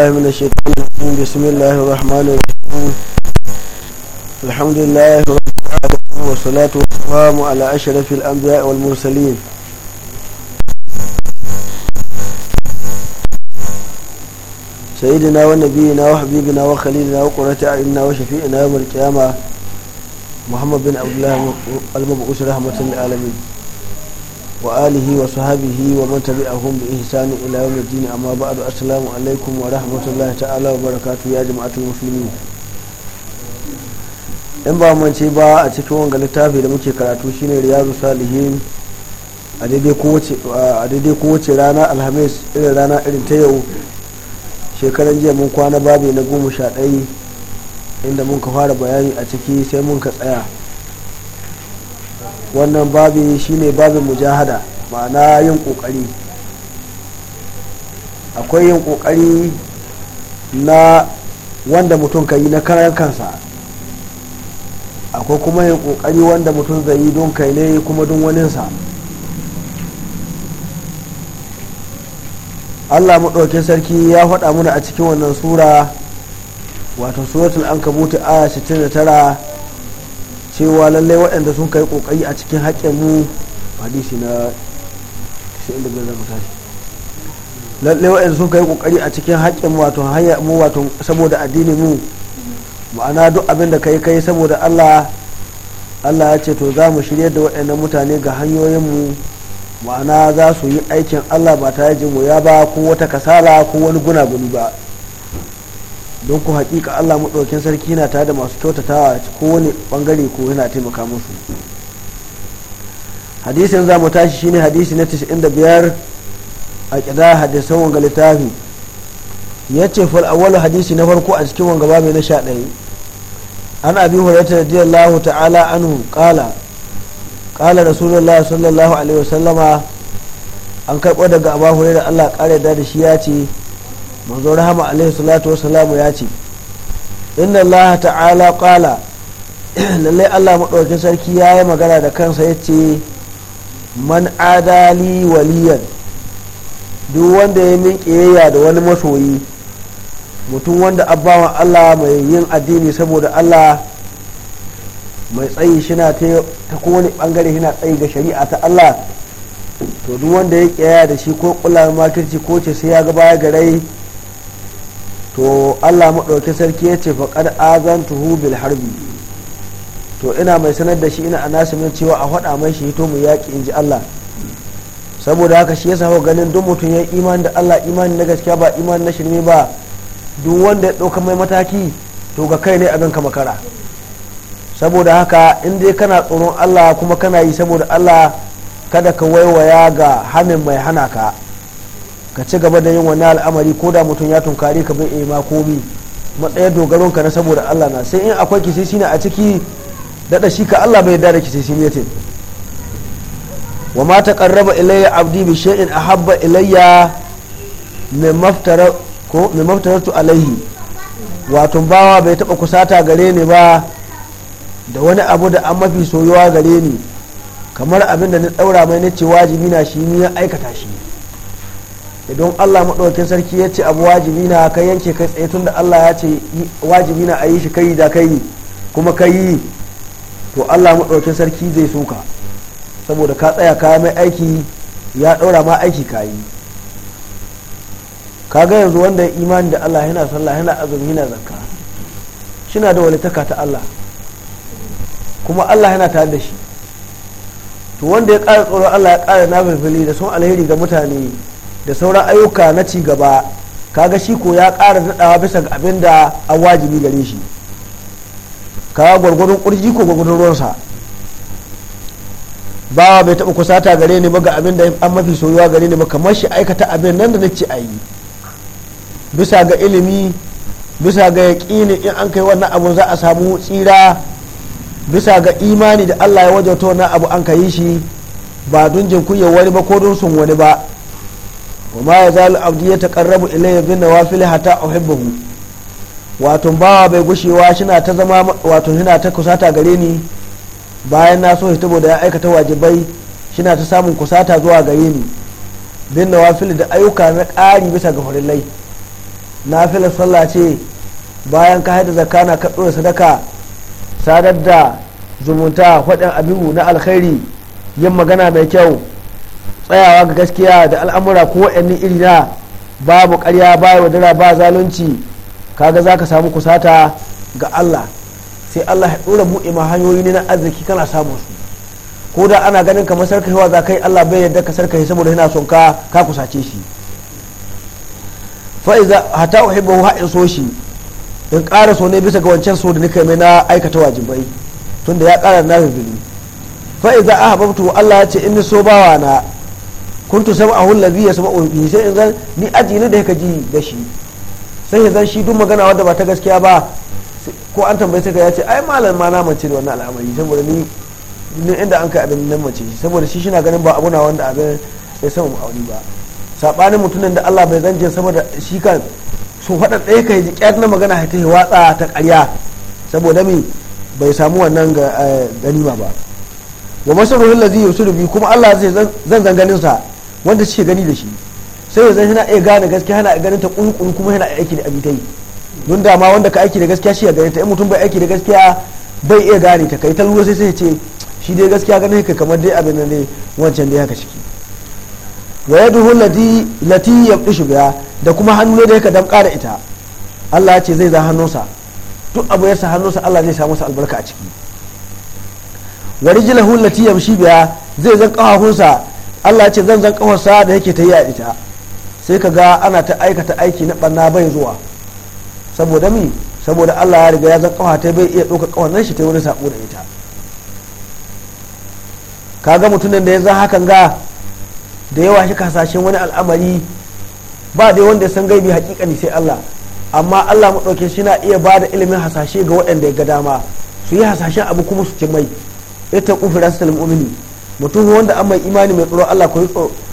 من الشيطان الرجيم بسم الله الرحمن الرحيم الحمد لله رب العالمين والصلاة والسلام على أشرف الأنبياء والمرسلين سيدنا ونبينا وحبيبنا وخليلنا وقرة أعيننا وشفيئنا يوم القيامة محمد بن عبد الله المبعوث رحمة للعالمين wa alihi wa sahabihi wa matari a hunbi in sani ilayen rajini amma ba da asalamu alaikum wa rahmatullahi ta'ala wa barakatu ya jima'atun musulmi in ba mu ce ba a cikin wanga littafi da muke karatu shine riyar musallihin a daidai kowace rana alhamis irin rana irin ta yau shekaran jiya mun kwana babu na goma sha daya inda mun ka fara bayani a ciki sai mun ka tsaya wannan babi shine babin mujahada ma'ana yin kokari akwai yin kokari na wanda mutum ka yi na karan kansa akwai kuma yin kokari wanda mutum zai yi don kai ne kuma don waninsa allah maɗauki sarki ya faɗa mana a cikin wannan sura wato suratul an kabuta a 69 cewa lallai waɗanda sun kai kokari a cikin haƙƙin mu hadisi na 95 zama tashi lallai waɗanda sun kai kokari a cikin haƙƙin mu wato hanya mu wato saboda addini mu ma'ana duk abin da kai kai saboda Allah Allah ya ce to za mu shirye da waɗannan mutane ga hanyoyin mu ma'ana za su yi aikin Allah ba tare jin wuya ba ko wata kasala ko wani guna-guni ba don ku haƙiƙa Allah maɗaukin sarki na tare da masu kyautatawa kowane ɓangare ko yana taimaka musu hadisin za mu tashi shine hadisi na 95 a ƙida hadisan wanga littafi ya ce fal hadisi na farko a cikin wanga babu na 11 an abi hurairah radiyallahu ta'ala anhu qala qala rasulullahi sallallahu alaihi wasallama an karɓo daga abu da Allah ƙara da shi ya ce manzo rahama alaihi salatu wasalamu ya ce inna allaha ta'ala qala lalle allah maɗauki sarki ya yi magana da kansa ya ce man adali waliyan duk wanda ya min ƙiyayya da wani masoyi mutum wanda abawa allah mai yin addini saboda allah mai tsayi shina ta kowane bangare shina tsayi ga shari'a ta allah to duk wanda ya ƙiyayya da shi ko kula makirci ko ce sai ya ga baya garai to allah maɗauki sarki ya ce faƙar azan tuhu bil harbi to ina mai sanar da shi ina anasa min cewa a faɗa mai shi hito mu yaƙi in ji allah saboda haka shi ya hau ganin duk mutum ya imani da allah imani na gaskiya ba imani na shirme ba duk wanda ya ɗauka mai mataki to ga kai ne a ganka makara saboda haka in dai kana tsoron allah kuma kana yi saboda allah kada ka waiwaya ga hamin mai hana ka ka ci gaba da yin wani al'amari ko da mutum ya tunkare ka bai ma komi matsayar dogaron ka na saboda Allah na sai in akwai kisisi a ciki dada shi ka Allah bai yarda da kisisi ne ce wa ma taqarraba ilayya abdi bi shay'in ahabba ilayya min maftara ko min maftaratu alayhi wato bawa bai taba kusata gare ni ba da wani abu da an mafi soyuwa gare ni kamar abin da na daura mai na ce wajibi na shi ni ya aikata shi idan Allah maɗaukin sarki ya ce abu wajibi na kai yanke kai tsaye tun da Allah ya ce wajibi na a yi shi kai da kai kuma ka yi to Allah maɗaukin sarki zai ka saboda ka tsaya ka mai aiki ya ɗora ma aiki ka yi ka ga yanzu wanda ya imani da Allah yana sallah yana azumi yana zakka shina da walitaka ta Allah kuma Allah yana tare da shi to wanda ya ƙara tsoron Allah ya ƙara na da sun alheri ga mutane da sauran ayyuka na ci gaba kaga shi ko ya kara daɗawa bisa ga abin da an wajibi gare shi kaga gwargwadon ƙurji ko gwargwadon ruwansa bawa bai taɓa kusata gare ni ba ga abin da an mafi soyuwa gare ni ba kamar shi aikata abin nan da nake a yi bisa ga ilimi bisa ga yaƙini in an kai wannan abu za a samu tsira bisa ga imani da allah ya wajauta wannan abu an ka shi ba don jin wani ba ko don sun wani ba wa ma ya zalu abdi ya taqarrabu ilayya bin a hatta uhibbuhu wato bawa bai gushewa shina ta zama wato shina ta kusata gare ni bayan na so shi saboda ya aikata wajibai shina ta samun kusata zuwa gare ni bin nawafil da ayyuka na ƙari bisa ga farillai nafilar sallah ce bayan ka haida zaka na ka sadaka sadar da zumunta faɗin abihu na alkhairi yin magana mai kyau tsayawa ga gaskiya da al'amura ko wa'anni iri na babu karya ba yaudara ba zalunci kaga za ka samu kusata ga Allah sai Allah ya ɗora buɗe ma hanyoyi ne na arziki kana samun su ko da ana ganin kamar sarkahewa za ka yi Allah bai yadda ka sarkahe saboda yana son ka ka kusace shi fa'iza hata uhibbu ha in so shi in ƙara so ne bisa ga wancan so da nika mai na aikata wajibai tunda ya ƙara na rubuni fa'iza ahabbtu Allah ya ce in so bawa na kuntu sab'ahu allazi yasma'u bi sai in zan ni ajini da ka ji da shi sai ya zan shi duk magana wadda ba ta gaskiya ba ko an tambaye ta ya ce ai malam ma na mace da wannan al'amari saboda ni ni inda an kai abin nan mace saboda shi shi na ganin ba abu na wanda abin ya samu aure ba sabanin mutumin da Allah bai zanje sama da shi kan su faɗa ɗaya kai ji na magana ta yi watsa ta ƙarya saboda mi bai samu wannan eh, ganima ba wa masarurin lazi yusudu bi kuma Allah zai zan ganin sa wanda suke gani da shi sai yanzu yana iya gane gaskiya yana ganin ta kunkun kuma yana aiki da abin ta yi don dama wanda ka aiki da gaskiya shi ya gane ta in mutum bai aiki da gaskiya bai iya gane ta kai ta lura sai sai ce shi dai gaskiya ganin ka kamar dai abin nan ne wancan dai haka ciki wa yaduhu lati lati yabdishu biya da kuma hannu ne da yake damka da ita Allah ya ce zai za hannunsa duk abu ya sa hannunsa Allah zai samu masa albarka a ciki wa rijlahu lati yamshi biya zai zan kafafunsa Allah ya ce zan zan kawarsa da yake ta yi a ita sai ka ga ana ta aikata aiki na banna bai zuwa saboda mi saboda Allah ya riga ya zan kawar ta bai iya ɗauka kawannan shi ta wani sabo da ita ka ga mutumin da ya zan hakan ga da yawa shi kasashen wani al'amari ba dai wanda ya san gaibi hakikani sai Allah amma Allah ɗauke shi na iya ba da ilimin hasashe ga waɗanda ya ga dama su yi hasashen abu kuma su ci mai ita kufira su mu'mini mutum wanda an mai imani mai tsoron Allah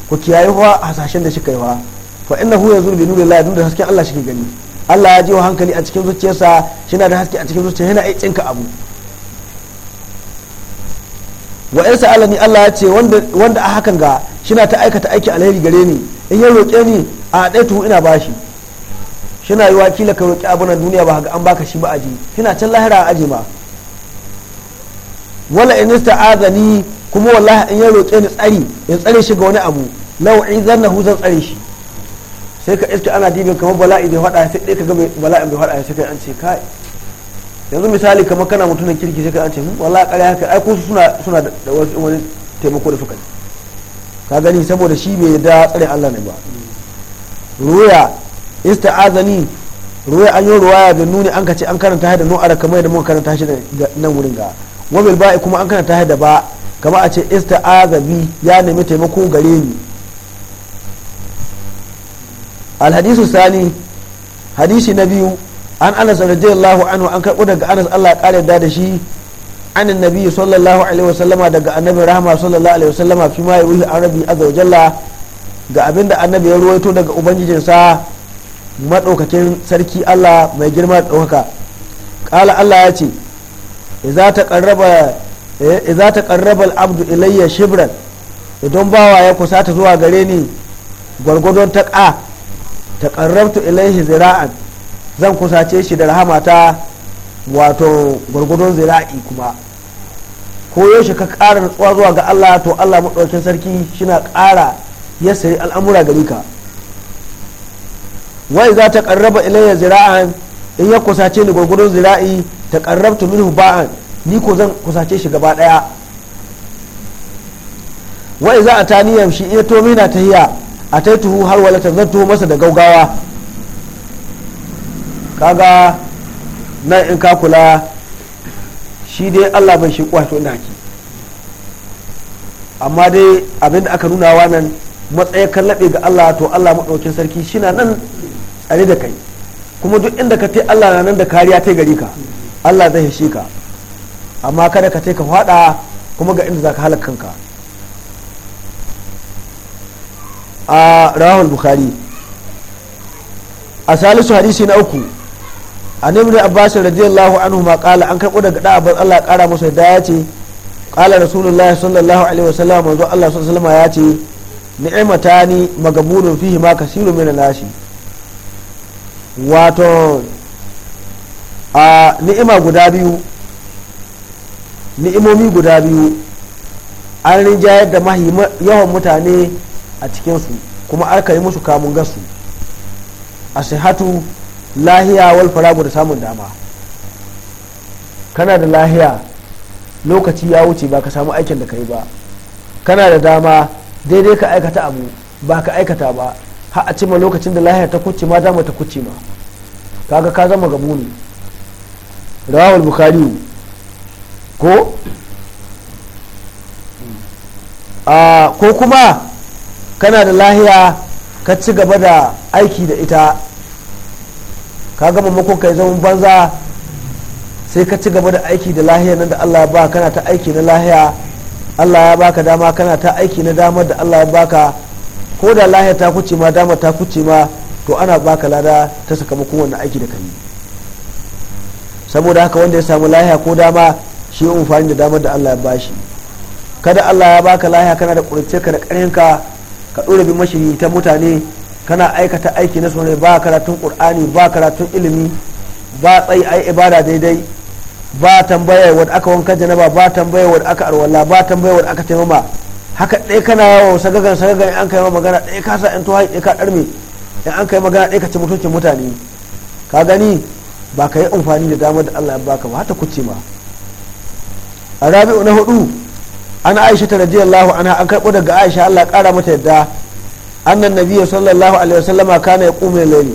ku kiyaye wa hasashen da shi kai wa fa innahu yazuru bi nuri Allah da hasken Allah shi gani Allah ya wa hankali a cikin zuciyarsa na da haske a cikin zuciya yana aikin ka abu wa in sa'alani Allah ya ce wanda a hakan ga na ta aikata aiki alheri gare ni in ya roƙe ni a tuhu ina bashi shina yi wakila ka roƙi abunan duniya ba ga an baka shi ba aji kina can lahira a aji ma wala in ista'azani kuma wallahi in ya roƙe ni tsari in tsare shi ga wani abu law izannahu zan tsare shi sai ka iska ana dibin kamar bala'i bai faɗa sai ka ga bala'i bai faɗa sai kai an ce kai yanzu misali kamar kana mutumin kirki sai kai an ce hmm, wallahi ƙarya haka ai ko suna suna da wani taimako da suka ka gani saboda shi bai da tsare Allah ne ba ruya ista'azani ruwa an yi ruwaya da nuni an kace an karanta da nu'ara kamar yadda muka karanta shi nan wurin ga wabil ba'i kuma an karanta da ba kama a ce ista'azabi ya nemi taimako gare ni alhadisu sani hadisi na biyu an anas radiyallahu anhu an karɓo daga anas allah ya ƙara da shi an annabi sallallahu alaihi wasallama daga annabi rahama sallallahu alaihi wasallama fi ma yuhi an rabi azza ga abinda annabi ya ruwaito daga sa madaukakin sarki allah mai girma da ɗaukaka ƙala allah ya ce idza taqarraba Eh, za ta al-abdu ilayya shibran idan bawa ya kusa ta zuwa gare ni gwargwadon ta ƙa taqarrabtu ilayhi zira'an zan kusace shi da ta wato gwargwadon zira'i kuma ko yaushe ka ƙara nutsuwa zuwa ga Allah to Allah maɗaukin sarki shina ƙara yassari al'amura gari ka wai za ta ƙarraba ilayya zira'an in ya kusace ni gwargwadon zira'i ta ƙarrabtu minhu ba'an ni ko zan kusace shi gaba daya wa iza atani yamshi iya to mina tahiya ataituhu har wala tazattu masa da gaugawa kaga nan in ka kula shi dai Allah bai shi kwato ki amma dai abinda aka nuna wa nan matsayin kallabe ga Allah to Allah madaukin sarki shi na nan tsare da kai kuma duk inda ka tai Allah na nan da kariya ta gari ka Allah zai shi ka amma kada ka ce ka fada kuma ga inda za ka halaka kanka a rahul bukari a salisu hadisi na uku a ibn abbas radiyallahu anhu ma kala an karbo daga da Allah kara masa da ya ce qala rasulullah sallallahu alaihi wasallam manzo Allah sallallahu alaihi ya ce ni magabunin fihi ma kasiru min nashi wato a ni'ima guda biyu ni'imomi guda biyu an rinjayar da mahi yawan mutane a cikinsu kuma aka yi musu kamun gasu a sihatu lahiya wal faragu da samun dama kana da lahiya lokaci ya wuce ba ka samu aikin da ka yi ba kana da dama daidai ka aikata abu ba ka aikata ba har a cima lokacin da lahiya ta kuce ma dama ta kuce ma kaga ka zama gabu ne rawal bukari ko ko kuma kana da lahiya ka ci gaba da aiki da ita ka gama makon ka zama banza sai ka ci gaba da aiki da lahiya nan da allah ba kana ta aiki na lahiya allah ya baka dama kana ta aiki na damar da allah ya baka ko da lahiya ta kuce ma damar ta kuce ma to ana baka lada ta sakamakon wannan aiki da kai saboda haka wanda ya samu lahiya ko dama shi yi amfani da damar da Allah ya bashi kada Allah ya baka lahiya kana da kurce ka da ƙarhinka ka ɗora bin mashiri ta mutane kana aikata aiki na sunai ba karatun ƙur'ani ba karatun ilimi ba tsayi ai ibada daidai ba tambaya wadda aka wanka janaba ba tambaya wadda aka arwala ba tambaya wadda aka taimama haka ɗaya kana yawo sagagan sagagan an kai magana ɗaya ka sa in tuwa ɗaya ka ɗarme in an kai magana ɗaya ka ci mutuncin mutane ka gani ba ka yi amfani da damar da Allah ya baka ba hata kuce ma a rabi'u na hudu ana aisha ta radiyallahu anha an karbo daga aisha Allah kara mata yadda annan nabiyyu sallallahu alaihi wasallama kana yaqumu al-layl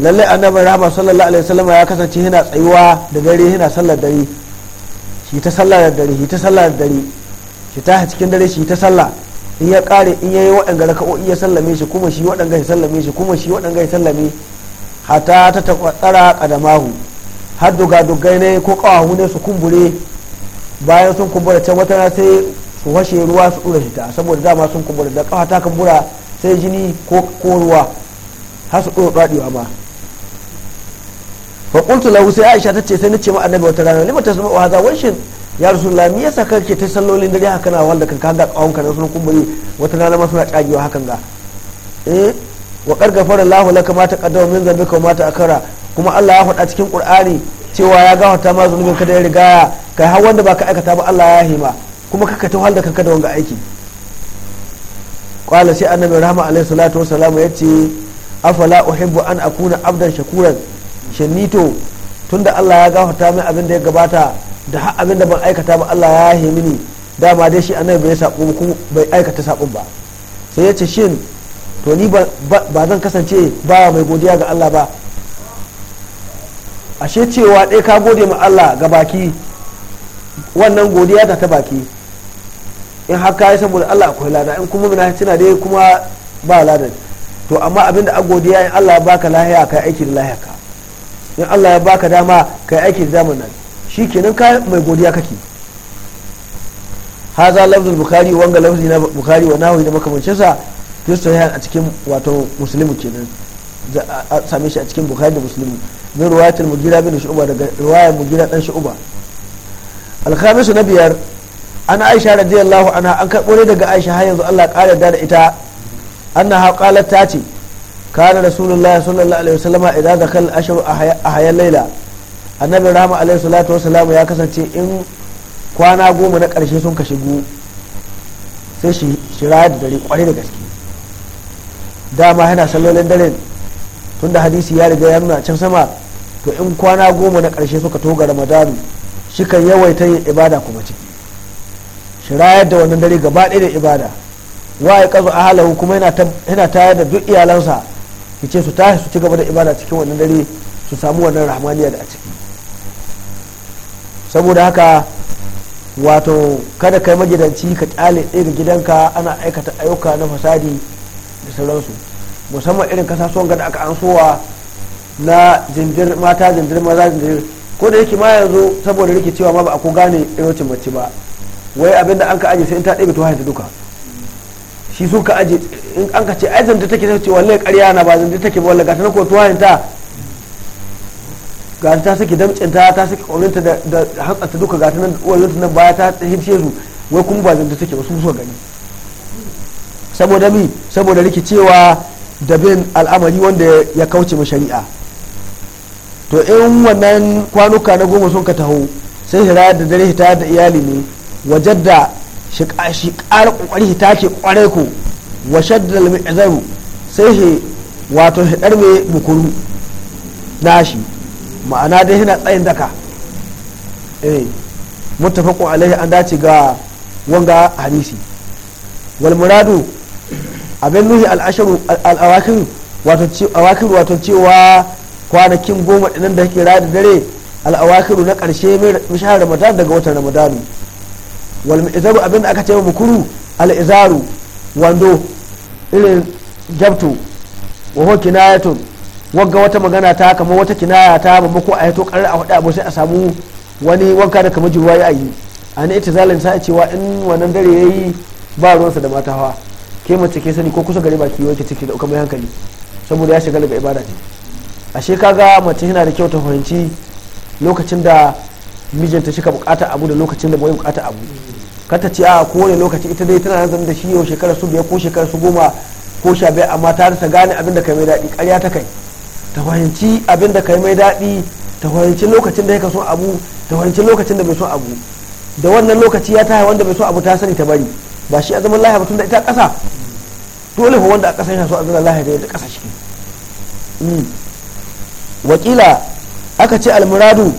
lalle annabi rahama sallallahu alaihi wasallama ya kasance yana tsayuwa da dare yana sallar dare shi ta sallar da dare shi ta sallar da dare shi ta cikin dare shi ta sallar in ya kare in yayi waɗanga raka'o'i ya sallame shi kuma shi waɗanga ya sallame shi kuma shi waɗanga ya sallame hata ta taɓa tsara ƙadamahu har duga-dugai ne ko ƙawahu ne su kumbure bayan sun kumbura can wata na sai su fashe ruwa su ɗora shi ta saboda dama sun kumbura da kafa ta kumbura sai jini ko ruwa har su ɗora ɗaɗewa ma fa qultu lahu sai Aisha ta ce sai nace ma annabi wata rana limata sun wa hadha wanshin ya rasulullah me yasa kake ta sallolin dare haka na wanda kanka ga kawon ka sun kumbure wata rana ma suna tsagewa hakan ga eh wa qad ghafara lahu laka ma taqaddama min dhanbika wa ma ta'akhara kuma Allah ya faɗa cikin Qur'ani cewa ya gafarta ma zunubin ka da ya rigaya kai har wanda ba ka aikata ba Allah ya hima kuma kaka ta halda kanka da wanga aiki qala sai annabi rahma alaihi salatu wassalamu yace afala uhibbu an akuna abdan shakuran shanito tunda Allah ya gafarta min abin da ya gabata da har abin da ban aikata ba Allah ya yahe ni dama dai shi annabi bai sako kuma bai aikata sabon ba sai yace shin to ni ba zan kasance ba mai godiya ga Allah ba ashe cewa ɗai ka gode ma Allah ga baki wannan godiya ta ta baki in haka ya saboda Allah akwai lada in kuma mina tana dai kuma ba lada to amma abinda a godiya in Allah ya baka lahiya kai aiki da lahiya ka in Allah ya baka dama kai aiki da daman nan shi kenan ka mai godiya kake haza lafzul bukari wanga lafzi na bukari wa nahu da makamancin sa yusta a cikin wato muslimu kenan a same shi a cikin bukari da muslimu min ruwayatul mugira bin shu'ba daga ruwayar mugira dan shu'ba alkhamisu na biyar an aisha radiyallahu ana an karɓo ne daga aisha har yanzu Allah ƙara da ita annaha qalat ta ce kana rasulullahi sallallahu alaihi wasallama idza dakal ashru ahayal layla annabi rahama a salatu wassalamu ya kasance in kwana goma na karshe sun ka shigo sai da dare kwarai da gaske dama yana salolin daren tunda hadisi ya riga ya nuna can sama to in kwana goma na karshe suka toga ramadanu shi kan yawaita yin ibada kuma ciki shi rayar da wannan dare gaba ɗaya da ibada wa ya kazo ahalahu kuma yana tayar da duk iyalansa ya ce su tashi su ci gaba da ibada cikin wannan dare su samu wannan rahmaniya da a ciki saboda haka wato kada kai magidanci ka kyale ɗaya ga gidanka ana aikata ayyuka na fasadi da sauransu musamman irin kasasuwan gada da aka ansowa na jindir mata jindir maza jindir ko da yake ma yanzu saboda rikicewa ma ba a ko gane yawancin mace ba wai abin da an ka aje sai in ta ɗebe tuwa ta duka shi sun ka aje in an ka ce ai zanta take ta ce wallahi ƙarya na ba zanta take ba wallahi gata na ko tuwa ta gata ta saki damcinta ta saki ƙaurinta da ta duka gata nan wallahi nan baya ta hirce su wai kuma ba zanta take ba su so gani saboda mi saboda rikicewa da bin al'amari wanda ya kauce ma shari'a to in wannan kwanuka na goma sun ka taho sai hira da dare hita da iyali ne wajen da shi ƙara ƙoƙari hita ke ƙwarai ko wa shadda al sai he wato hidar mai bukuru nashi ma'ana dai yana tsayin daka eh muttafaqun alaihi an dace ga wanga hadisi wal muradu abin nuhi al-asharu al-awakir wato cewa kwanakin goma ɗinan da kake rada dare al'awakiru na ƙarshe mai shahar ramadan daga watan ramadanu wal mi'zaru abin da aka ce mukuru al'izaru wando irin jabto wa ho kinayatun wagga wata magana ta kamar wata kinaya ta mamako a yato karar a hudu abu sai a samu wani wanka da kamar jirwa ya yi a ne ita zalin sa'a cewa in wannan dare ya yi ba ruwansa da mata hawa ke mace ke sani ko kusa gari baki yau ke ciki da ukamai hankali saboda ya shiga daga ibada ce ashe kaga mace yana da kyau ta fahimci lokacin da mijinta shi ka bukata abu da lokacin da bai bukata abu kata ce a kowane lokaci ita dai tana zama da shi yau shekara su biyar ko shekara su goma ko sha biyar amma ta ta gane abin da kai mai daɗi ƙarya ta kai ta fahimci abin da kai mai daɗi ta fahimci lokacin da ya so abu ta fahimci lokacin da bai so abu da wannan lokaci ya ta wanda bai so abu ta sani ta bari ba shi a zaman lahiya ba tun da ita ƙasa dole fa wanda a ƙasa yana so a zaman lahiya da ya ƙasa shi wakila aka ce almuradu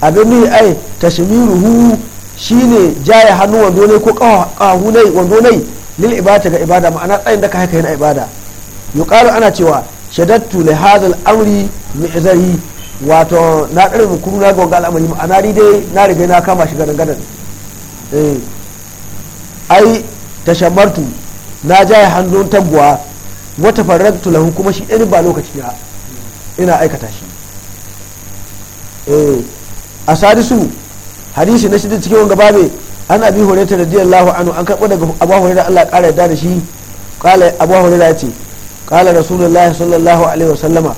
abin ni ai tashmiruhu shine jaya hannu wando ne ko kahu ne wando ne lil ibada ga ibada ma'ana tsayin da ka haka yana ibada yuqalu ana cewa shadattu li hadha amri mi'zari wato na dare mu na ga al'amari ma'ana ri dai na riga na kama shi gadan gadan eh ai tashammartu na jaya hannun tabuwa wata farraktu lahu kuma shi ɗani ba lokaci ya ina aikata shi eh, a sadisu hadisi na shida cikin wanga babe ana bi hurairah radiyallahu anhu an karɓo daga abu hurairah Allah ƙara yadda da shi qala abu hurairah ya ce ƙala rasulullahi sallallahu alaihi wasallama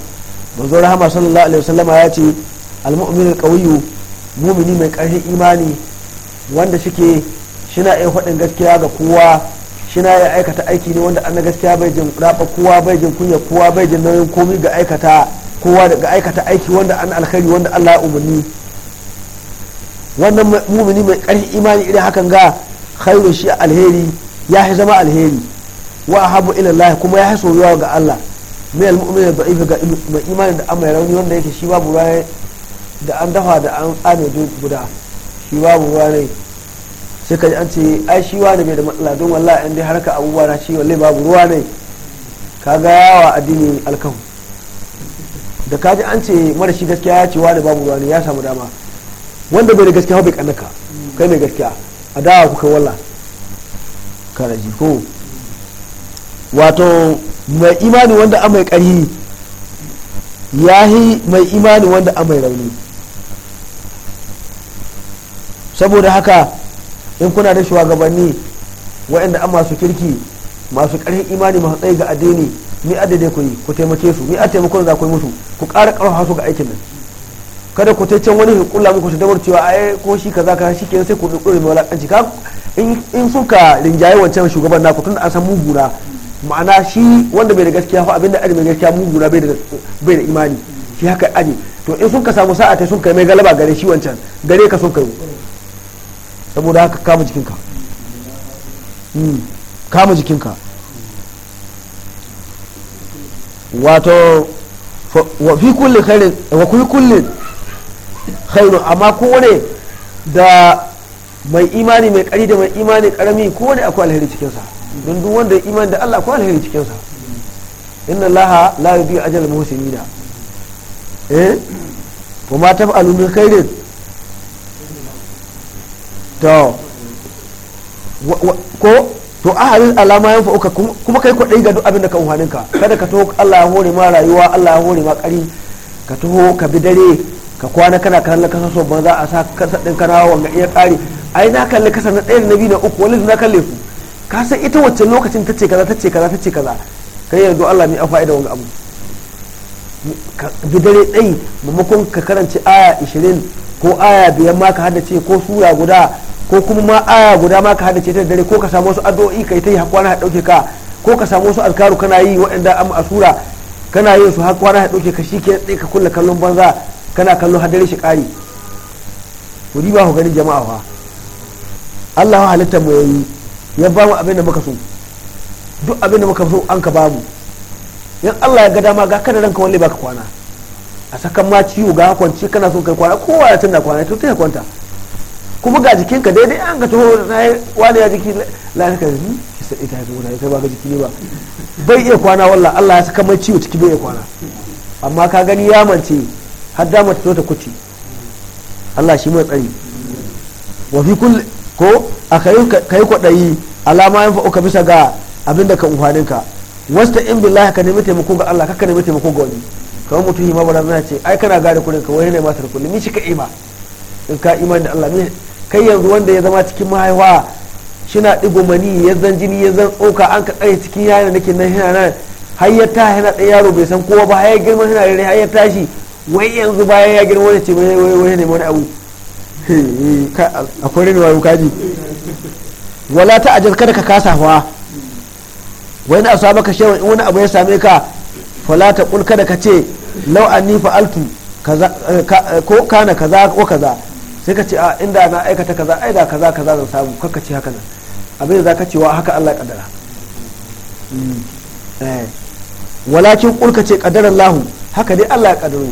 manzo rahama sallallahu alaihi wasallama ya ce al-mu'min al-qawiyyu mumini mai ƙarfin imani wanda shike shina iya faɗin gaskiya ga kowa shina iya aikata aiki ne wanda an gaskiya bai jin raɓa kowa bai jin kunya kowa bai jin nauyin komai ga aikata kowa daga aikata aiki wanda an alkhairi wanda Allah ya umarni wannan mumini mai ƙarfin imani irin hakan ga khairu shi alheri ya yi zama alheri wa habu ilallah kuma ya yi soyuwa ga Allah mai almu'min da baifi ga mai imani da amma rauni wanda yake shi babu ruwa da an dafa da an tsame guda shi babu ruwa ne sai ka ji an ce ai shi wa ne bai da matsala don wallahi an dai harka abubuwa na shi wallahi babu ruwa ne kaga yawa addini alkahu da kaji an ce mara shi gaskiya ya ce wani babu ruwa ne ya samu dama wanda bai da gaskiya bai kannaka kai mai gaskiya a dawa kuka walla karaji ko wato mai imani wanda a mai karhi ya yi mai imani wanda a mai rauni saboda haka in kuna da shugabanni waɗanda a masu kirki masu ƙarfin imani masu tsaye ga addini ni a daidai ku yi ku taimake su ni a taimakon za ku yi musu ku ƙara ƙarfafa su ga aikin nan kada ku ta can wani ku muku muku damar cewa ai ko shi kaza ka shi ke sai ku dore mai walakanci ka in suka rinjaye wancan shugaban naku tun an san mugura ma'ana shi wanda bai da gaskiya fa abinda aji mai gaskiya mugura bai da bai da imani shi haka aji to in sun ka samu sa'a ta sun kai mai galaba gare shi wancan gare ka sun kai saboda haka kama jikinka hmm, kama jikinka wato wa fi kulli khairin wa kulli kullin khairu amma ne da mai imani mai kari da mai imani karami ne akwai alheri sa don duk wanda imani da Allah akwai alheri sa inna laha la yudi ajal muhsinina eh ko ma taf'alu min khairin to ko to a halin alama yan fa'uka kuma kai kwaɗai ga duk abin da ka umarnin ka kada ka taho Allah ya hore ma rayuwa Allah ya hore ma ƙari ka taho ka bi dare ka kwana kana kallon kasa so banza a sa kasa ɗin kana ga iya ƙari ai na kalli kasa na ɗaya na biyu na uku wani na kalle ku ka san ita wacce lokacin ta ce kaza ta ce kaza ta ce kaza kai yanzu Allah mai afa'i da wanga abu ka bi dare ɗai maimakon ka karanci aya ishirin ko aya biyan ma ka haddace ko sura guda ko kuma ma aya guda ma ka ce ta da dare ko ka samu wasu addu'o'i kai ta yi har kwana ya dauke ka ko ka samu wasu alkaru kana yi waɗanda am asura kana yin su har kwana ya dauke ka shike sai ka kulla kallon banza kana kallon har shi kari ku riba ku ganin jama'a fa Allah ya halitta mu yayi ya ba mu abin da muka so duk abin da muka so an ka ba mu in Allah ya ga dama ga kada ranka wallahi baka kwana a sakan ma ciwo ga kwanci kana so kai kwana kowa ya tunda kwana to sai ya kwanta kuma ga jikinka daidai an ka taho na yi wani ya jiki lafiya ka zini hmm, kisa ita ya taho ita ba ga jiki ne ba bai iya kwana wallah Allah ya saka mai ciwo ciki bai iya kwana amma ka gani ya mance har dama ta ta kuti Allah shi mai tsari wa fi kulli ko a kai kwaɗayi alama yin fa'uka bisa ga abin da ka umfanin ka wasta in billahi ka nemi taimako ga Allah ka ka nemi taimako ga wani kamar mutum ma bara mana ce ai kana gane kurin ka wani ne ma kullum ni shi ka ima in ka iman da Allah ne kai yanzu wanda ya zama cikin mahaifa shina ɗigo mani ya zan jini ya zan ɗauka an ka tsaye cikin yayin nake ke nan hina nan har ya ta hina ɗan yaro bai san kowa ba har ya girma hina rere har ya tashi wai yanzu bayan ya girma wani ce mai wai wai ne wani abu akwai rini wani kaji wala ta ajiyar kada ka kasa fa wani a sabaka shewan in wani abu ya same ka fala ta kul kada ka ce lau an fa'altu eh, eh, ko kana kaza ko kaza sai ka ce a inda na aikata kaza ai da kaza kaza zan samu kaka ce haka nan abin da za ka cewa haka Allah kaddara hmm. eh. walakin ka ce kaddara lahu haka dai Allah ya kaddaro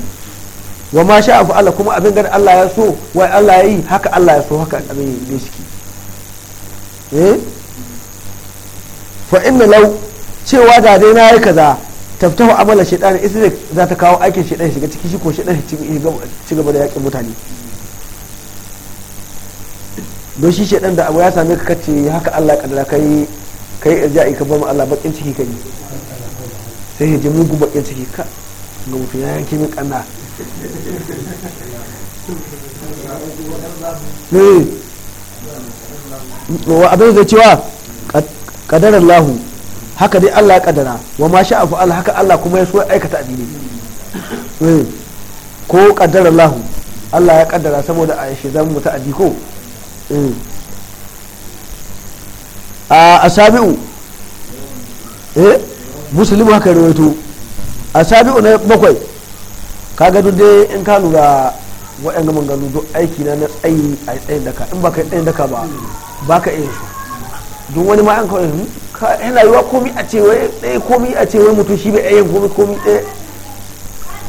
wa ma sha afu Allah kuma abin da Allah ya so wai Allah ya yi haka Allah ya so haka abin ya shi eh fa inna law cewa da dai na yi kaza taftahu amala shaytan ita za ta kawo aikin shaytan shiga ciki shi ko shaytan ci gaba da yakin mutane don shi shaidan da abu ya same ka kace haka Allah kadara kai kai irja'i ka bar mu Allah bakin ciki kai sai ya ji mugun bakin ciki ka ga mutum ya yanke min kanna eh, wa abin zai cewa kadarar lahu haka dai Allah kadara wa ma sha'a Allah haka Allah kuma ya so aikata addini eh, ko kadar Allah Allah ya kaddara saboda a shi zama mutu a ko a asabi'u eh muslim haka rawaito asabi'u na bakwai kaga duk dai in ka lura waɗanda gano duk aiki na na tsayi a tsayin daka in baka tsayin daka ba ba ka iya su don wani ma an kawai hmm? ka yana yiwa komi a ce wai tsaye komi a ce wai mutum shi bai ayyan komi komi ɗaya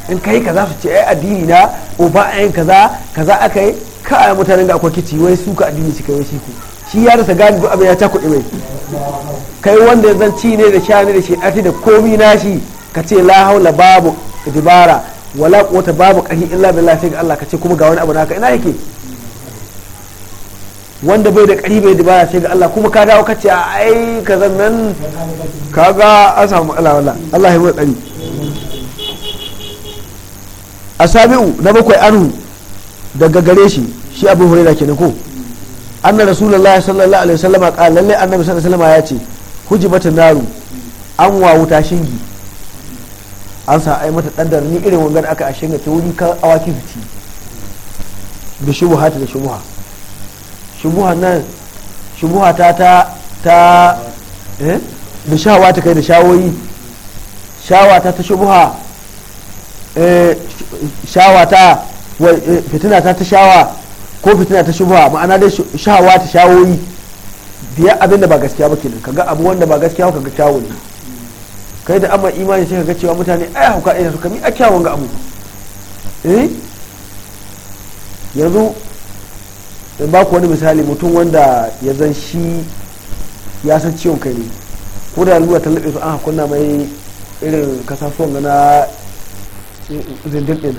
in kai kaza su ce ai addini na ba ayyan kaza kaza aka yi kai mutanen da akwai kici wai suka addini shi wai shi ku shi ya rasa gani ko abin ya ta kuɗi mai kai wanda ya zanci ne da shani ne da shi da komi nashi ka ce la haula babu dibara wala quwwata babu qahi illa billahi sai ga Allah ka ce kuma ga wani abu naka ina yake wanda bai da ƙari bai dibara sai ga Allah kuma ka dawo ka a ai ka zan nan kaga an samu Allah wala Allah ya mu tsari asabi'u na bakwai anhu daga gare shi shi abu huraira kenan ko anna rasulullahi sallallahu alaihi wasallam qala lalle annabi sallallahu alaihi wasallam ya ce hujibatu naru an wa wuta shingi an sa ai mata dandar ni irin wangar aka a shinga ta wuri ka awaki fiti da shubuha da shubuha shubuha nan shubuha ta ta ta eh da shawa ta kai da shawoyi shawa ta ta shubuha eh shawa ta Eh, fitina ta ta shawa ko fitina ta shubha ma'ana dai shawa ta shawoyi biya abin da ba gaskiya ba kenan kaga abu wanda ba gaskiya kaga shawo ne kai da amma imani sai kaga cewa mutane ai hauka ai su kami a kyawun ga abu eh yanzu in ba ku wani misali mutum wanda ya zan shi ya san ciwon kai ne ko da lura ta laɓe su an hakunna mai irin kasafuwan na eh, eh, zindin ɗin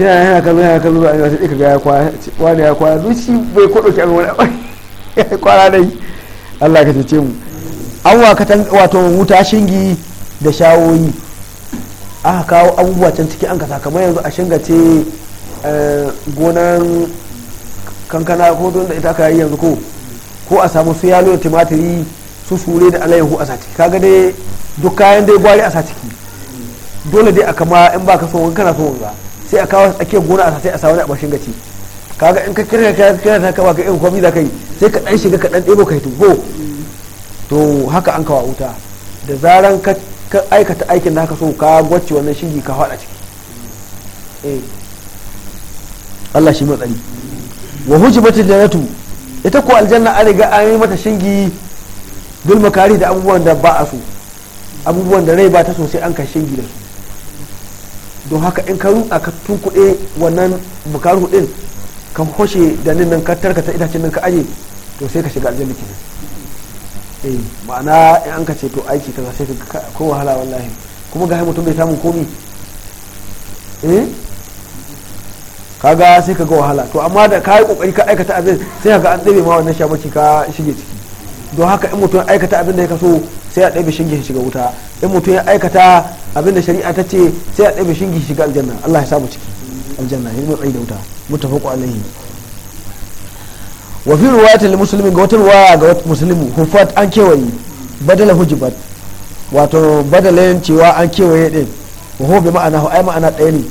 shi na yana kallo yana kallo a yau ka ga ya kwana wani ya kwana duk shi bai kwado ki wani ya kwana dai Allah ka cece mu an wakatan wato wuta shingi da shawoyi aka kawo abubuwa can ciki an kasa kamar yanzu a shingace eh, gonan kankana ko don da ita ka yi yanzu ko ko a samu su yalo da su sure da alayyahu a saciki kaga dai duk kayan dai gwari a saciki dole dai a kama in ba ka so kana so wanga sai a kawo ake gona a sai a samu abashin gaci kaga in ka kira ka kira ta ka baka irin komai za ka yi sai ka dan shiga ka dan debo kai tuho to haka an kawo wuta da zaran ka aikata aikin da haka so ka gwacce wannan shigi ka fada ciki eh Allah shi matsayi wa hujibatul jannatu ita ko aljanna an riga an yi mata shingi dul makari da abubuwan da ba a so abubuwan da rai ba ta so sai an ka shingi da su don haka in ka rutsa ka tunkuɗe wannan bukaru din ka hoshe da nin nan ka tarkata itacen nan ka aje to sai ka shiga aljanna kenan eh ma'ana in an ka ce to aiki kaza sai ka ko wahala wallahi kuma ga mutum bai samu komi eh kaga sai ka ga wahala to amma da kai kokari ka aikata abin sai ka ga an ɗabe ma wannan shamaki ka shige ciki don haka in mutum aikata abin da ya kaso sai a ɗabe shinge shi shiga wuta in mutum ya aikata abinda shari'a ta ce sai a ɗabe shingi shiga aljanna Allah ya samu ciki aljanna ya tsaye da wuta mutafaku alaihi wa fi riwayat al muslimin ga wata riwaya ga wata muslimu hufat an kewaye badala hujibat wato badalayin cewa an kewaye din wa huwa bi ma'anahu ai ma'ana ɗaya ne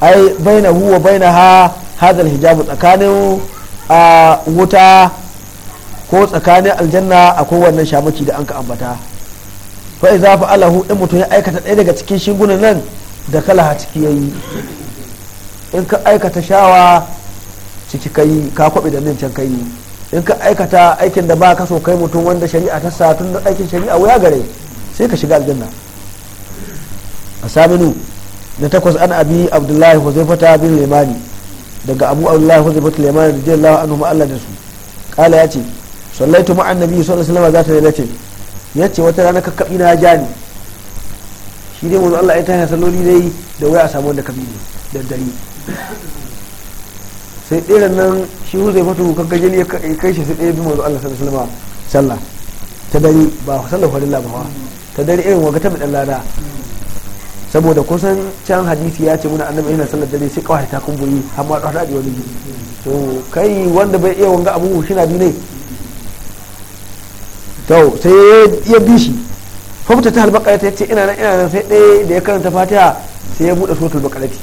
ai hu wa ha hadal hijabu tsakanin a wuta ko tsakanin aljanna akwai wannan shamaki da an ka ambata fa fa fa'alahu in mutum ya aikata ɗaya daga cikin shingunan nan da kala ciki yayi in ka aikata shawa ciki kai ka kwabe da nan can kai in ka aikata aikin da ba ka so kai mutum wanda shari'a ta sa tun da aikin shari'a wuya gare sai ka shiga aljanna a saminu na takwas an abi abdullahi huzaifata bin limani daga abu abdullahi huzaifata limani radiyallahu anhu ma'alla da su kala ya ce sallaitu ma'an nabi sallallahu alaihi wasallam zata ce. ya ce wata rana kakkaɓi na ja ni shi ne wanzu Allah ya tashi saloli ne da waya a samu wanda kabi ne da dare sai ɗaya nan shi hu zai fito kan gajen ya kai shi sai ɗaya bi wanzu Allah sallallahu salama sallah ta dare ba a sallar farilla ba ta dare irin waga ta bi lada saboda kusan can hadisi ya ce muna annabi yana sallar dare sai kawai ta kumburi har ma ɗaura da wani to kai wanda bai iya wanga abubuwa shi na bi ne to sai ya bi shi fafta ta halbakara ta ce ina nan ina nan sai ɗaya da ya karanta fatiha sai ya buɗe suratul bakarati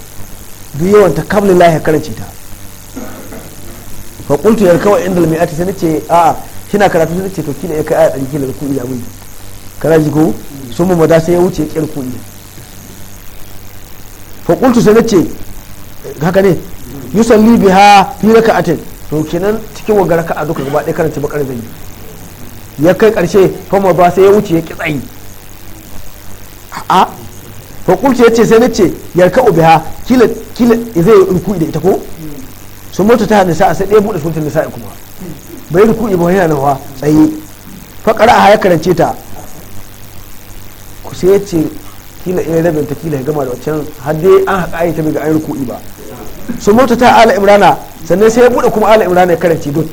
duk yawan ta kamlin lahi karance ta fa qultu yar kawai inda almi'ati sai nace a kina karatu sai nace to kina ya kai a ɗari kila ku iya wuri kana ji ko sun mu da sai ya wuce kyar ku iya fa qultu sai nace haka ne yusan biha fi raka'atin to kenan cikin wa a duka gaba ɗaya karanta bakar zai ya kai karshe fama ba sai ya wuce ya kitsayi a fa kulce yace sai nace yarka ubiha kila kila zai yi ruku da ita ko sun mutu ta hannu sa'a sai ɗaya buɗe sun nisa kuma bai ruku ba yana nan wa tsaye fa a ya karance ta ku sai yace kila iya rabin ta kila ya gama da wancan har dai an haƙa ayi ta bai ga an ruku ba sun mutu ta ala imrana sannan sai ya buɗe kuma ala imrana ya karance duk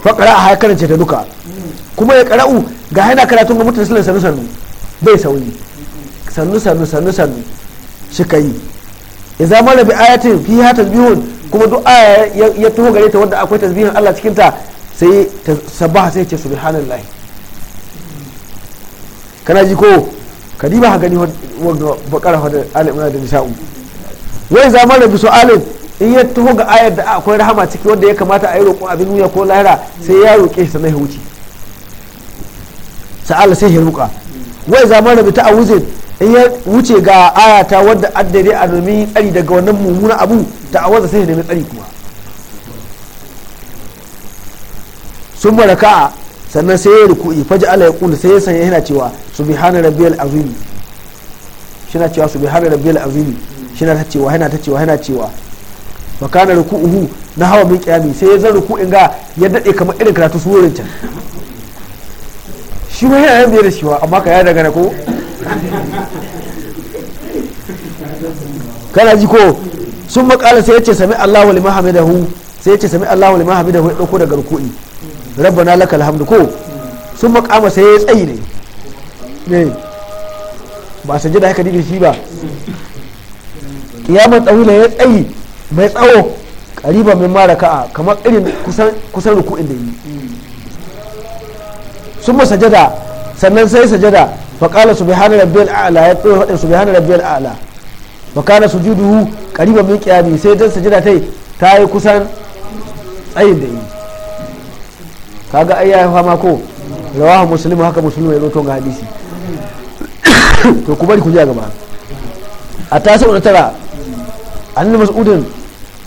fa a ya karance ta duka kuma ya kara'u ga yana karatun ga mutane silin sannu sannu bai sauyi sannu sannu sannu sannu shi ka yi ya zama bi ayatin fi ha tasbihun kuma duk aya ya tuho gare ta wanda akwai tasbihin Allah cikin ta sai ta sabaha sai ce subhanallahi kana ji ko kadiba ha gani wanda bakara hada alimuna da nisa'u wai zama rabi su'alin in ya tuho ga ayar da akwai rahama ciki wanda ya kamata a yi roƙon abin wuya ko lahira sai ya roƙe shi sannan ya wuce ta'ala sai ya ruka wai zaman rabi ta awuzin in ya wuce ga ayata wadda addare a nemi tsari daga wannan mummuna abu ta awaza sai ya nemi tsari kuma sun maraka sannan sai ya ruku ruku'i faji ala ya kula sai ya sanya yana cewa subhana rabbiyal azim shina cewa subhana rabbiyal azim shina ta cewa yana ta cewa yana cewa fa kana ruku'uhu na hawa min qiyami sai ya zan ruku in ga ya dade kamar irin karatu surorin can shi wani yana nan da shi wa amma ka ya daga na ko kana ji ko sun makala sai ya ce sami Allahu liman hamidahu sai ya ce sami Allahu liman hamidahu ya dauko daga rukuni rabbana lakal hamdu ko sun makama sai ya tsayi ne ne ba sanje da haka dide shi ba kiyamar tsawila ya tsayi mai tsawo kariba min ka’a kamar irin kusan ruku'in da yi sun sajada sannan sai sajada faƙala subhana rabbiyal a'la ya tsoye faɗin subhana rabbiyal a'la su kana sujuduhu qariban min qiyami sai dan sajada tai ta yi kusan tsayin da yi kaga ai ya fama ko rawahu muslimu haka muslimu ya roto ga hadisi to ku bari ku ja gaba a tasiru da tara annabi mas'udin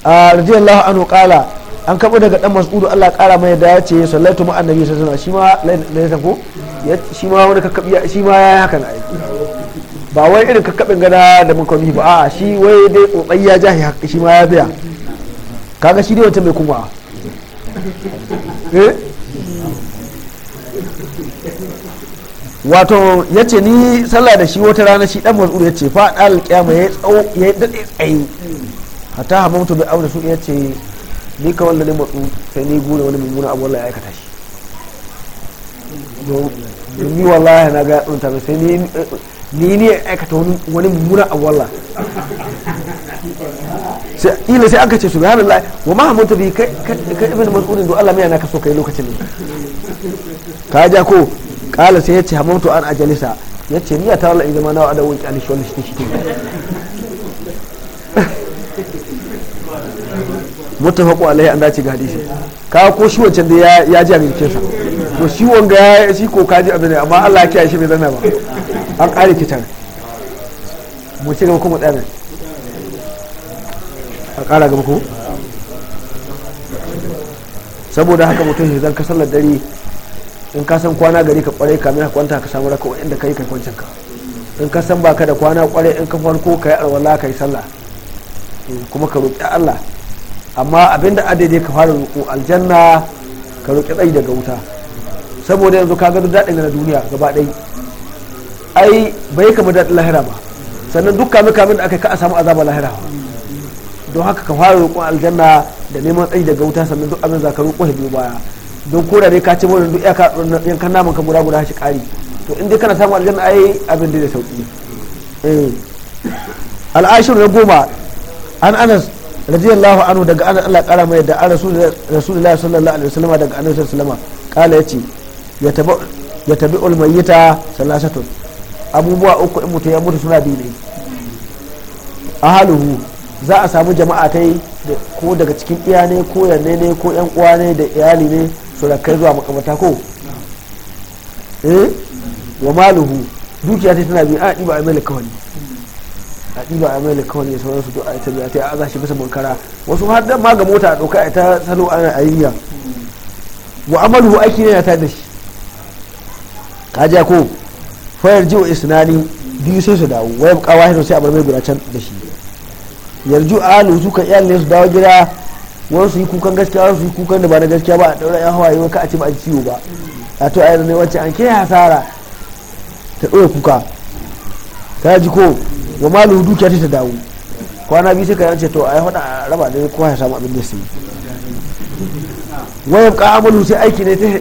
radiyallahu anhu qala an karɓo daga dan mas'udu Allah ƙara mai da ya ce sallatu ma'an nabi sallallahu alaihi wasallam shi ma lailatan ko shi ma wani kakkabi shi ma yayi hakan ba wai irin kakkabin gada da muka ba a'a shi wai dai tsotsai ya jahi haka shi ma ya biya kaga shi dai wata mai kuma eh wato ya ce ni sallah da shi wata rana shi dan mas'udu ya ce fa alƙiyama ya ya yi tsaye hatta hamamtu bi amri su ya ce ni ka wanda ne matsu sai ni gure wani mummuna abu wallahi aikata shi don ni wallahi na ga yadda mai sai ni ne aikata wani mummuna abu wallahi ila sai aka ce su bayan Allah wa ma hamunta bi ka da mas'udin do Allah mai na kaso kai lokacin ne ka ja ko kala sai yace hamuntu an ajalisa yace ni ta wala idan ma na wa'ada wa kyalishi wannan shi shi mutafaqu alaihi an dace ga hadisi ka ko shi wancan da ya ji a jikin sa to shi wanga ya shi ko kaji abin amma Allah ya kiyaye shi bai zanna ba an kare kitan mu ci gaba kuma tsare a kara gaba ko saboda haka mutum ya zan ka sallar dare in ka san kwana gari ka kware ka mai kwanta ka samu raka inda kai kai kwancin ka in ka san baka da kwana kware in ka farko ka yi alwala ka yi sallah kuma ka roƙi Allah amma abinda adade ka fara roƙo aljanna ka roƙi tsayi daga wuta saboda yanzu ka gado daɗin na duniya gaba ɗai ai bai kama daɗin lahira ba sannan duk kame kamin da aka ka a samu azaba lahira ba don haka ka fara roƙon aljanna da neman tsayi daga wuta sannan duk abin za ka roƙo hidu baya don ko da dai ka ci wannan duk yankan naman ka guda guda shi ƙari to in dai kana samu aljanna ai abin da sauƙi eh. al'ashir na goma an anas radiyallahu anhu daga ana Allah kara mai da rasulullahi sallallahu alaihi wasallam daga annabi sallallahu kala yace ya tabi ya tabi ulmayyita salasatun abubuwa uku in mutu ya mutu suna biyu ne ahaluhu za a samu jama'a ta ko daga cikin iyane ko yanne ne ko yan uwa ne da iyali ne su surakai zuwa makamata ko eh wa maluhu dukiya ta tana biyu a ɗiba a mai kawai a ɗiba a mai likawar ne sauransu to a yi a ta aza shi bisa munkara wasu har dan ma ga mota a ɗauka a ta salo yi ayyiya wa amalu aiki ne na ta da shi kaja ko fayar jiwa isnani biyu sai su dawo wayar kawahiro sai a bar mai guda can da shi yarju alu su kan iyalin su dawo gida wani su yi kukan gaskiya wani su yi kukan da ba na gaskiya ba a ɗaura yan hawaye wani ka a ce ba a ciwo ba a to a yanzu ne wacce an ke hasara ta ɗora kuka ta ji ko wa malu dukiya ta dawo kwana biyu sai ka yance to ai hada raba da kowa ya samu abin da sai wa yabqa amalu sai aiki ne ta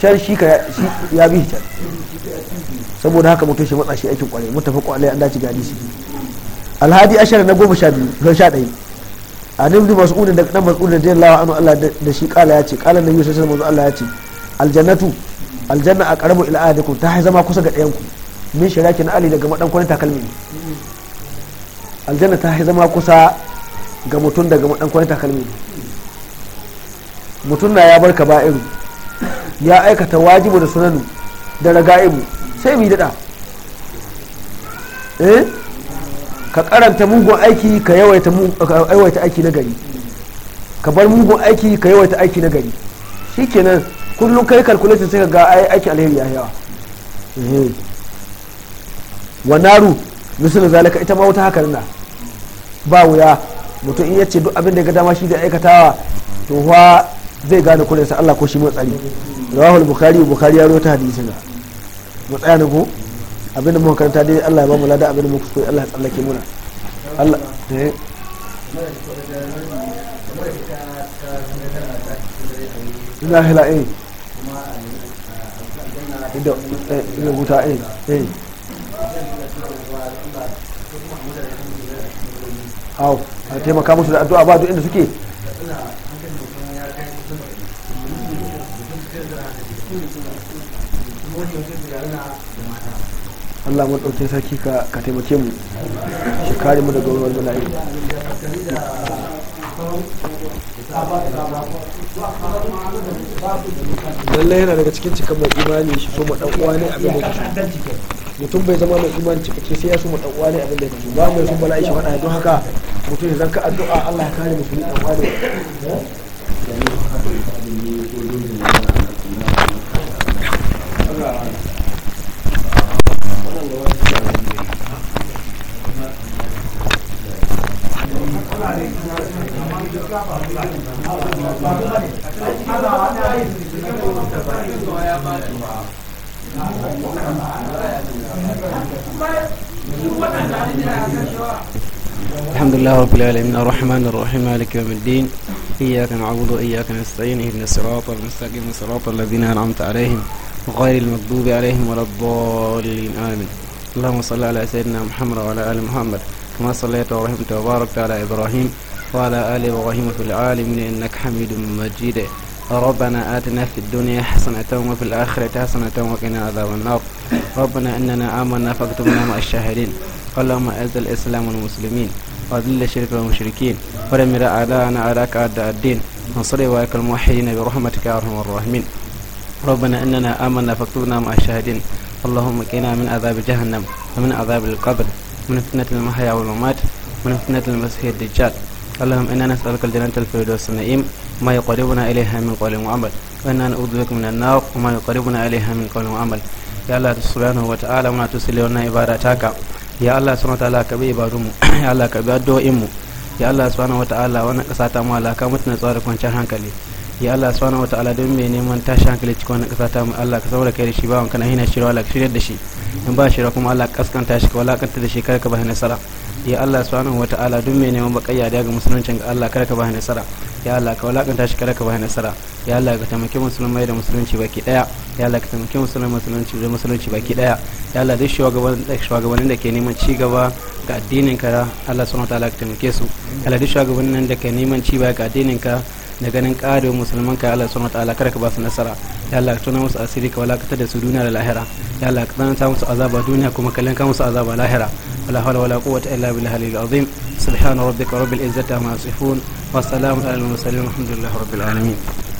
char shi ka ya bi can saboda haka mutum shi matsa shi aikin kwarai mutafa kwarai an dace gadi shi alhadi ashar na goma sha biyu sha ɗaya a nan masu da dan masu da jin lawa anu Allah da shi kala ya ce kala nabi sallallahu alaihi wasallam Allah ya ce aljannatu aljanna aqrabu ila ahadikum ta zama kusa ga ɗayan ku min na ali daga madan takalmi aljanna ta zama kusa ga mutum daga madan takalmi mutum na ya barka ba'iru ya aikata wajibu da sunanu da raga'ibu sai mu dada eh ka karanta mugun aiki ka yawaita aiwata aiki na gari ka bar mugun aiki ka yawaita aiki na gari shikenan kullum kai kalkulatin sai ka ga aiki alheri ya yawa eh. wa naru misalin zalika ita ma wata haka na ba wuya mutum in ce duk abin da ga dama shi da aikatawa to fa zai gane kullun sa Allah ko shi matsari rawahul bukhari bukhari ya rawaita hadisin mu tsaya ne ko abin da muka karanta dai Allah ya ba mu lada abin da muka koyi Allah ya tsallake muna Allah eh aw a taimaka musu da addu'a ba duk inda suke Allah mun ɗauke sarki ka ka taimake mu shi kare mu daga wani bala'i lallai yana daga cikin cikin mai imani shi so ma ɗan'uwa ne abin da mutum bai zama mai imani cikakke sai ya so mu ɗan'uwa ne abin da ya ba mai sun bala'i shi faɗa don haka mutum zan ka addu'a Allah ya kare musulmi dan wani Thank you. الحمد لله رب العالمين الرحمن الرحيم مالك يوم الدين إياك نعبد وإياك نستعين اهدنا الصراط المستقيم صراط الذين أنعمت عليهم غير المغضوب عليهم ولا الضالين آمين اللهم صل على سيدنا محمد وعلى آل محمد كما صليت ورحمت وباركت على إبراهيم وعلى آل إبراهيم في العالمين إنك حميد مجيد ربنا آتنا في الدنيا حسنة وفي الآخرة حسنة وقنا عذاب النار ربنا إننا آمنا فاكتبنا مع الشاهدين اللهم أعز الإسلام والمسلمين وأذل الشرك والمشركين ودمر أعداءنا أعداءك أعداء الدين وانصر أولئك الموحدين برحمتك يا أرحم الراحمين ربنا إننا آمنا فاكتبنا مع الشاهدين اللهم قنا من عذاب جهنم ومن عذاب القبر من فتنة المحيا والممات من فتنة المسيح الدجال اللهم إنا نسألك الجنة الفردوس النعيم ما يقربنا إليها من قول وعمل وإنا نعوذ بك من النار وما يقربنا إليها من قول وعمل ya Allah subhanahu wa ta'ala muna tusile wannan ibada taka ya Allah subhanahu wa ta'ala ka bi mu ya Allah ka bi mu ya Allah subhanahu wa ta'ala wannan kasa ta mu alaka mutuna tsawar kwanciyar hankali ya Allah subhanahu wa ta'ala don mai neman tashi hankali cikin wannan kasa ta mu Allah ka saboda kai da shi ba wanka na hina shirwa Allah ka shirya da shi in ba shirwa kuma Allah ka kaskanta shi ka walakanta da shi kar ka ba nasara ya Allah subhanahu wata'ala duk mai neman bakayya daga musuluncin ga Allah kada ka bani nasara ya Allah ka walakanta shi kada ka bani nasara ya Allah ka taimake musulmai da musulunci baki daya ya Allah ka taimake musulmai musulunci da musulunci baki daya ya Allah duk shugabannin da ke neman ci gaba ga addinin ka Allah subhanahu ala ka taimake su ya Allah duk shugabannin da ke neman ci gaba ga addinin ka da ganin kare musulman ka Allah subhanahu wataala kada ka ba su nasara ya Allah tona musu asiri ka walakatar da su duniya da lahira ya Allah ka tsananta musu azaba duniya kuma ka musu azaba lahira wala hawla wala quwwata illa billahi al azim subhana rabbika rabbil izzati amma yasifun wa salamun alal mursalin walhamdulillahi rabbil alamin